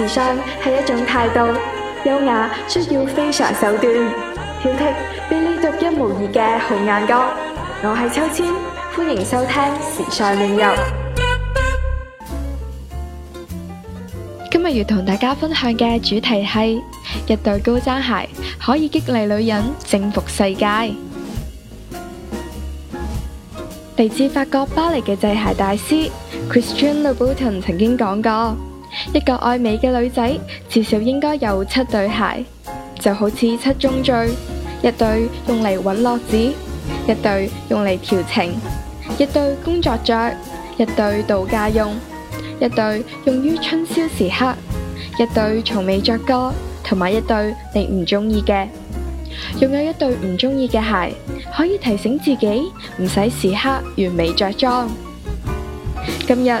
時尚係一種態度，優雅需要非常手段，挑剔俾你獨一無二嘅紅眼光。我係秋千，歡迎收聽時尚亂入。今日要同大家分享嘅主題係一對高踭鞋可以激勵女人征服世界。嚟自法國巴黎嘅製鞋大師 Christian Louboutin 曾經講過。一個愛美嘅女仔，至少應該有七對鞋，就好似七宗罪：一對用嚟揾樂子，一對用嚟調情，一對工作着，一對度假用，一對用於春宵時刻，一對從未着過，同埋一對你唔中意嘅。擁有一對唔中意嘅鞋，可以提醒自己唔使時刻完美着裝。今日。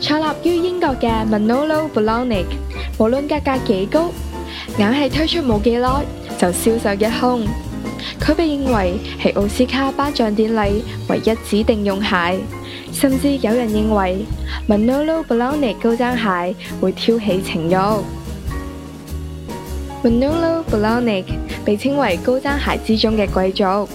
創立於英國嘅 Manolo Blahnik，無論價格幾高，硬係推出冇幾耐就銷售一空。佢被認為係奧斯卡頒獎典禮唯一指定用鞋，甚至有人認為 Manolo Blahnik 高踭鞋會挑起情慾。Manolo Blahnik 被稱為高踭鞋之中嘅貴族，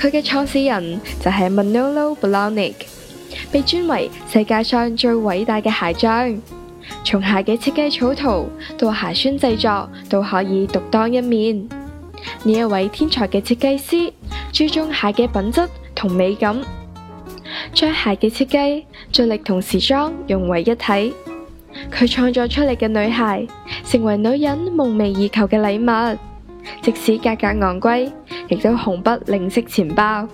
佢嘅創始人就係 Manolo Blahnik。被尊為世界上最偉大嘅鞋匠，從鞋嘅設計草圖到鞋楦製作，都可以獨當一面。呢一位天才嘅設計師注重鞋嘅品質同美感，將鞋嘅設計盡力同時裝融為一體。佢創作出嚟嘅女鞋，成為女人夢寐以求嘅禮物。即使價格昂貴，亦都毫不吝嗇錢包。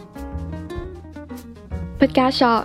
畢 加索。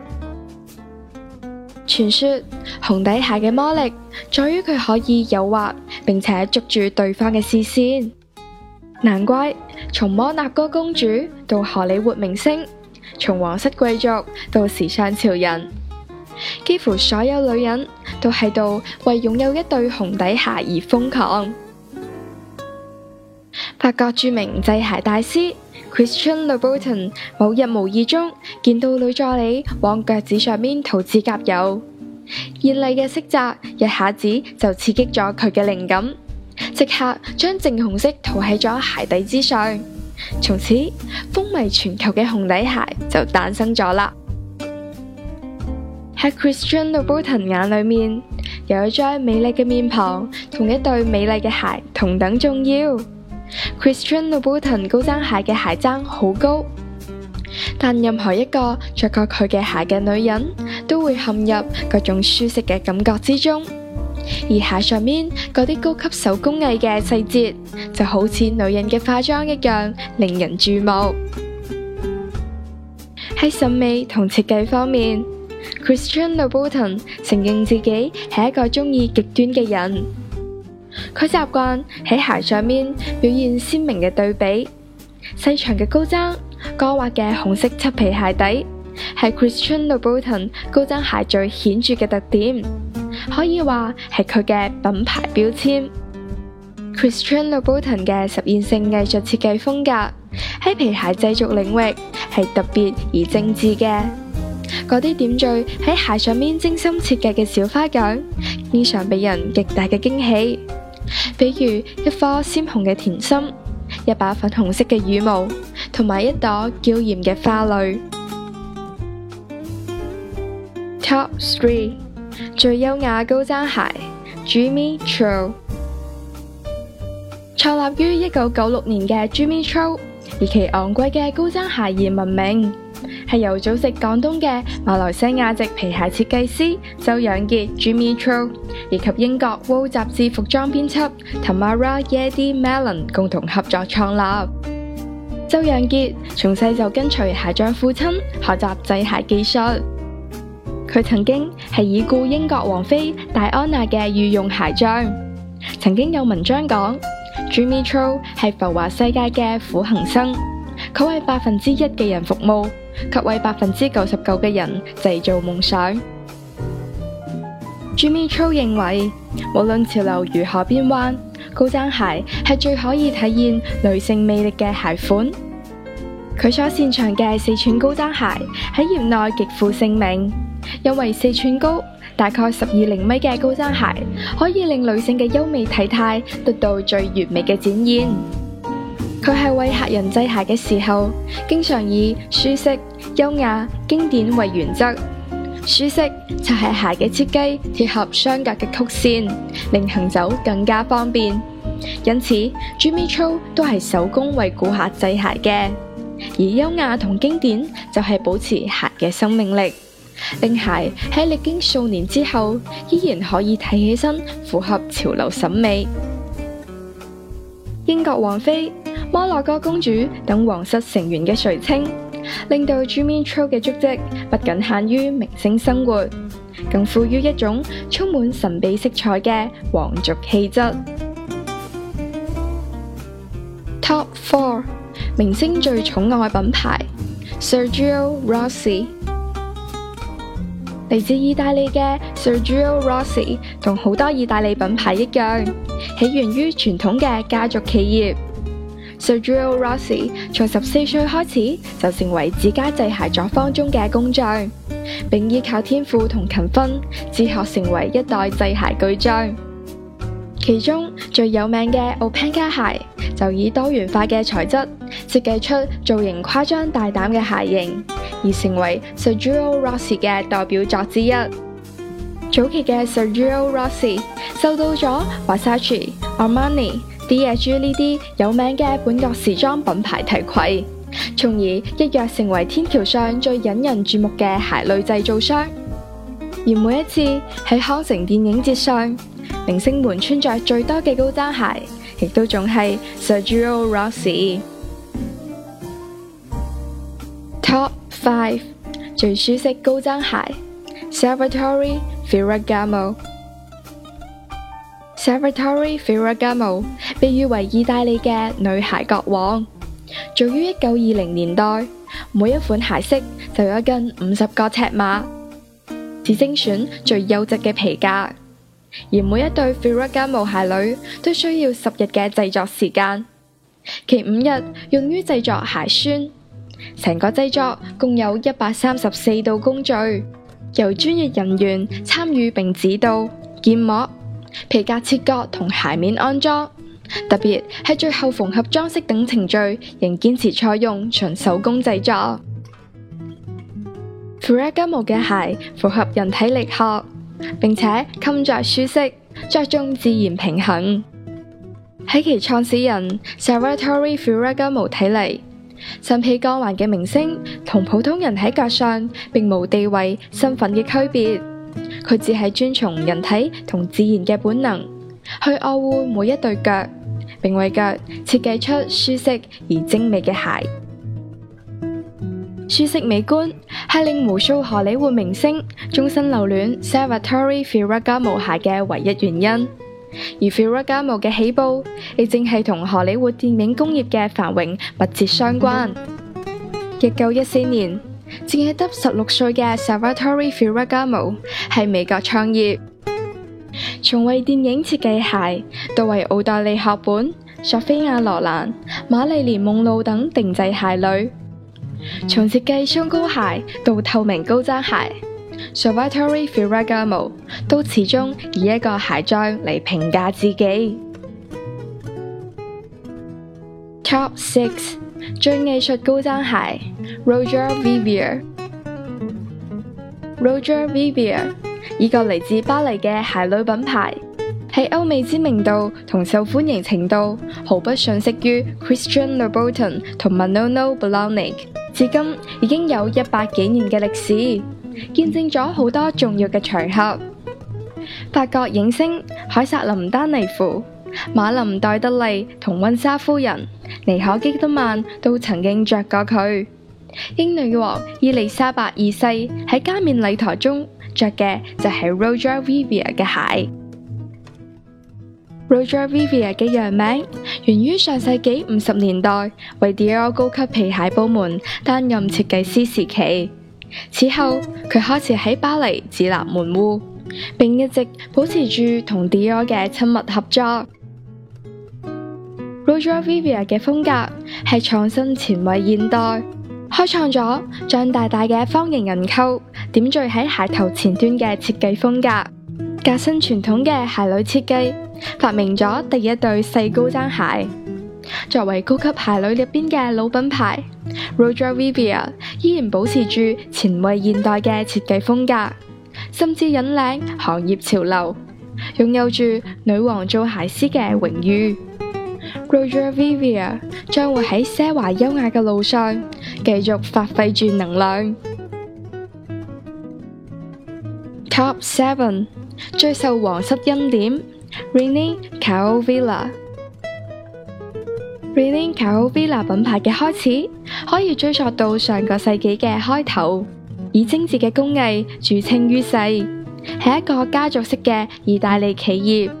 傳說紅底鞋嘅魔力在於佢可以誘惑並且捉住對方嘅視線，難怪從摩納哥公主到荷里活明星，從皇室貴族到時尚潮人，幾乎所有女人都喺度為擁有一對紅底鞋而瘋狂。法國著名製鞋大師。Christian Louboutin 某日無意中見到女助理往腳趾上面塗指甲油，艷麗嘅色澤一下子就刺激咗佢嘅靈感，即刻將正紅色塗喺咗鞋底之上，從此風靡全球嘅紅底鞋就誕生咗啦。喺 Christian Louboutin 眼裏面，有一張美麗嘅面龐同一對美麗嘅鞋同等重要。Christian Louboutin 高踭鞋嘅鞋踭好高，但任何一個着過佢嘅鞋嘅女人，都會陷入各種舒適嘅感覺之中。而鞋上面嗰啲高級手工藝嘅細節，就好似女人嘅化妝一樣，令人注目。喺審美同設計方面，Christian Louboutin 承認自己係一個中意極端嘅人。佢習慣喺鞋上面表現鮮明嘅對比，細長嘅高踭，光滑嘅紅色漆皮鞋底，係 Christian Louboutin 高踭鞋最顯著嘅特點，可以話係佢嘅品牌標籤。Christian Louboutin 嘅實驗性藝術設計風格喺皮鞋製作領域係特別而精緻嘅。嗰啲點綴喺鞋上面精心設計嘅小花樣，經常俾人極大嘅驚喜。比如一顆鮮紅嘅甜心，一把粉紅色嘅羽毛，同埋一朵嬌艷嘅花蕾。Top three 最優雅高踭鞋，Jimmy Choo，創立於一九九六年嘅 Jimmy Choo，以其昂貴嘅高踭鞋而聞名。係由祖籍廣東嘅馬來西亞籍皮鞋設計師周仰傑 （Jimmy Choo） 以及英國《Vogue》雜誌服裝編輯 Tamara Yeardye Mellon 共同合作創立。周仰傑從細就跟隨鞋匠父親學習製鞋技術，佢曾經係已故英國王妃戴安娜嘅御用鞋匠。曾經有文章講，Jimmy Choo 係浮華世界嘅苦行僧，佢為百分之一嘅人服務。及為百分之九十九嘅人製造夢想。Jimmy Cho 認為，無論潮流如何變幻，高踭鞋係最可以體現女性魅力嘅鞋款。佢所擅長嘅四寸高踭鞋喺業內極負盛名，因為四寸高，大概十二厘米嘅高踭鞋，可以令女性嘅優美體態得到最完美嘅展現。佢係為客人製鞋嘅時候，經常以舒適、優雅、經典為原則。舒適就係鞋嘅設計貼合雙腳嘅曲線，令行走更加方便。因此，Jimmy Choo 都係手工為顧客製鞋嘅。而優雅同經典就係保持鞋嘅生命力，令鞋喺歷經數年之後依然可以睇起身符合潮流審美。英國王妃、摩洛哥公主等皇室成員嘅垂青，令到 Jimmy Choo 嘅足迹不僅限於明星生活，更賦予一種充滿神秘色彩嘅皇族氣質。Top Four 明星最寵愛品牌 Sergio Rossi 嚟自意大利嘅 Sergio Rossi，同好多意大利品牌一樣，起源於傳統嘅家族企業。Sergio Rossi 從十四歲開始就成為自家製鞋作坊中嘅工匠，並依靠天賦同勤奮自學成為一代製鞋巨匠。其中最有名嘅 Opanka 鞋就以多元化嘅材質設計出造型誇張大膽嘅鞋型，而成為 Sergio Rossi 嘅代表作之一。早期嘅 Sergio Rossi 受到咗 Versace、Armani。子野豬呢啲有名嘅本國時裝品牌提攜，從而一躍成為天橋上最引人注目嘅鞋類製造商。而每一次喺康城電影節上，明星們穿着最多嘅高踭鞋，亦都仲係 Sergio Rossi。Top five 最舒適高踭鞋：Salvatore Ferragamo。Salvatore Ferragamo 被譽為意大利嘅女鞋國王，早於一九二零年代，每一款鞋式就有近五十個尺碼，只精選最優質嘅皮革。而每一對 Ferragamo 鞋履都需要十日嘅製作時間，其五日用於製作鞋楦，成個製作共有一百三十四道工序，由專業人員參與並指導建模。皮革切割同鞋面安裝，特別係最後縫合裝飾等程序，仍堅持採用純手工製作。Ferragamo 嘅鞋符合人體力學，並且襟着舒適，着重自然平衡。喺其創始人 Salvatore Ferragamo 睇嚟，身披光環嘅明星同普通人喺腳上並無地位身份嘅區別。佢只係遵從人體同自然嘅本能，去愛護每一對腳，並為腳設計出舒適而精美嘅鞋。舒適美觀係令無數荷里活明星終身留戀 Salvatore Ferragamo 鞋嘅唯一原因。而 Ferragamo 鞋嘅起步，亦正係同荷里活電影工業嘅繁榮密切相關。一九一四年。只淨係得十六歲嘅 Salvatore Ferragamo 喺美國創業，從為電影設計鞋，到為奧黛麗赫本、索菲亞羅蘭、瑪麗蓮夢露等定製鞋履，從設計雙高鞋到透明高踭鞋 Salvatore Ferragamo 都始終以一個鞋匠嚟評價自己。Top six。最藝術高踭鞋 Roger Vivier，Roger Vivier，一個嚟自巴黎嘅鞋類品牌，喺歐美知名度同受歡迎程度毫不遜色於 Christian Louboutin 同 Manolo Blahnik，至今已經有一百幾年嘅歷史，見證咗好多重要嘅場合。法國影星凱瑟琳丹妮芙。馬林戴德利同温莎夫人尼可基德曼都曾經着過佢。英女王伊麗莎白二世喺加冕禮台中着嘅就係 Roger Vivier 嘅鞋。Roger Vivier 嘅揚名源於上世紀五十年代為 Dior 高級皮鞋部門擔任設計師時期。此後佢開始喺巴黎自立門戶，並一直保持住同 Dior 嘅親密合作。Roger Vivier 嘅風格係創新前衛現代，開創咗將大大嘅方形銀扣點綴喺鞋頭前端嘅設計風格，革新傳統嘅鞋女設計，發明咗第一對細高踭鞋。作為高級鞋履入邊嘅老品牌，Roger Vivier 依然保持住前衛現代嘅設計風格，甚至引領行業潮流，擁有住女王做鞋師嘅榮譽。Roger Vivier 將會喺奢華優雅嘅路上繼續發揮住能量。Top Seven，最受皇室恩典，René Caovilla。René Caovilla 品牌嘅開始可以追溯到上個世紀嘅開頭，以精緻嘅工藝著稱於世，係一個家族式嘅意大利企業。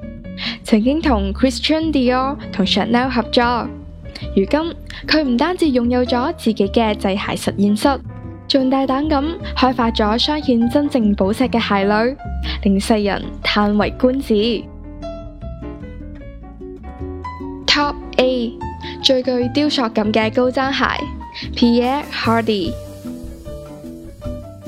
曾經同 Christian Dior 同 Chanel 合作，如今佢唔單止擁有咗自己嘅製鞋實驗室，仲大膽咁開發咗鑲嵌真正寶石嘅鞋類，令世人嘆為觀止。Top A 最具雕塑感嘅高踭鞋，Pierre Hardy，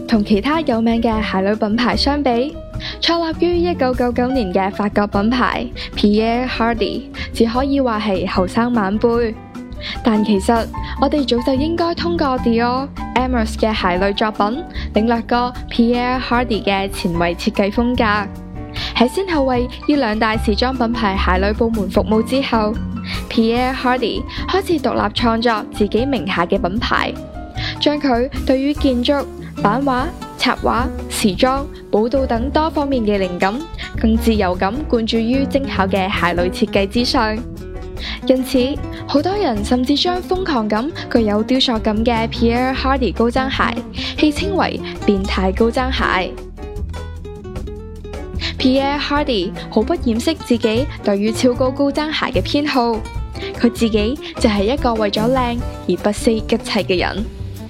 同其他有名嘅鞋類品牌相比。創立於一九九九年嘅法國品牌 Pierre Hardy 只可以話係後生晚輩，但其實我哋早就應該通過 Dior、Hermès 嘅鞋類作品領略過 Pierre Hardy 嘅前衛設計風格。喺先後為呢兩大時裝品牌鞋類部門服務之後，Pierre Hardy 開始獨立創作自己名下嘅品牌，將佢對於建築、版畫。插畫、時裝、舞蹈等多方面嘅靈感，更自由咁灌注於精巧嘅鞋類設計之上。因此，好多人甚至將瘋狂咁、具有雕塑感嘅 Pierre Hardy 高踭鞋，戲稱為“變態高踭鞋”。Pierre Hardy 毫不掩飾自己對於超高高踭鞋嘅偏好，佢自己就係一個為咗靚而不惜一切嘅人。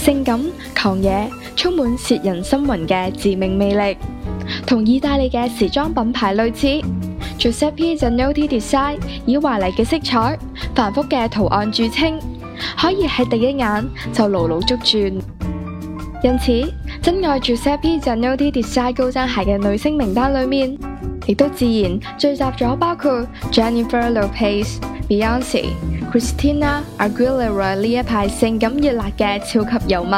性感、狂野，充滿攝人心魂嘅致命魅力，同意大利嘅時裝品牌類似。Giuseppe Zanotti Design 以華麗嘅色彩、繁複嘅圖案著稱，可以喺第一眼就牢牢捉住。因此，真愛 Giuseppe Zanotti Design 高踭鞋嘅女星名單裏面，亦都自然聚集咗包括 Jennifer Lopez、Beyonce。Christina Aguilera 呢一派性感熱辣嘅超級尤物，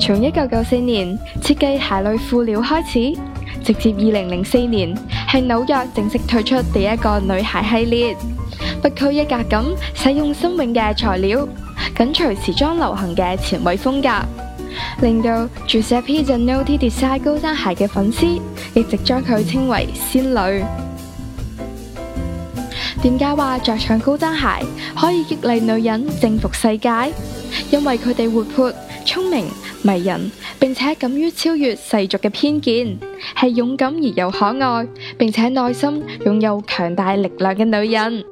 從一九九四年設計鞋類輔料開始，直至二零零四年喺紐約正式推出第一個女鞋系列，不拘一格咁使用新穎嘅材料，緊隨時裝流行嘅前衛風格，令到 Giuseppe Zanotti Design 高踭鞋嘅粉絲一直將佢稱為仙女。專家話，着上高踭鞋可以激勵女人征服世界，因為佢哋活潑、聰明、迷人，並且敢於超越世俗嘅偏見，係勇敢而又可愛，並且內心擁有強大力量嘅女人。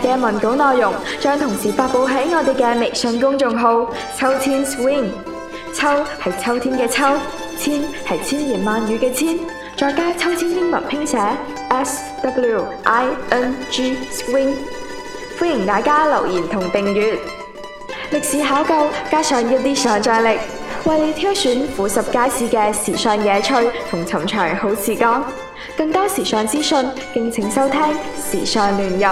嘅文稿內容將同時發佈喺我哋嘅微信公眾號“秋千 swing”，秋係秋天嘅秋，千係千言萬語嘅千，再加秋千英文拼寫 s w i n g swing，歡迎大家留言同訂閱。歷史考究加上一啲想象力，為你挑選富十街市嘅時尚野趣同尋常好時光。更多時尚資訊，敬請收聽《時尚亂入》。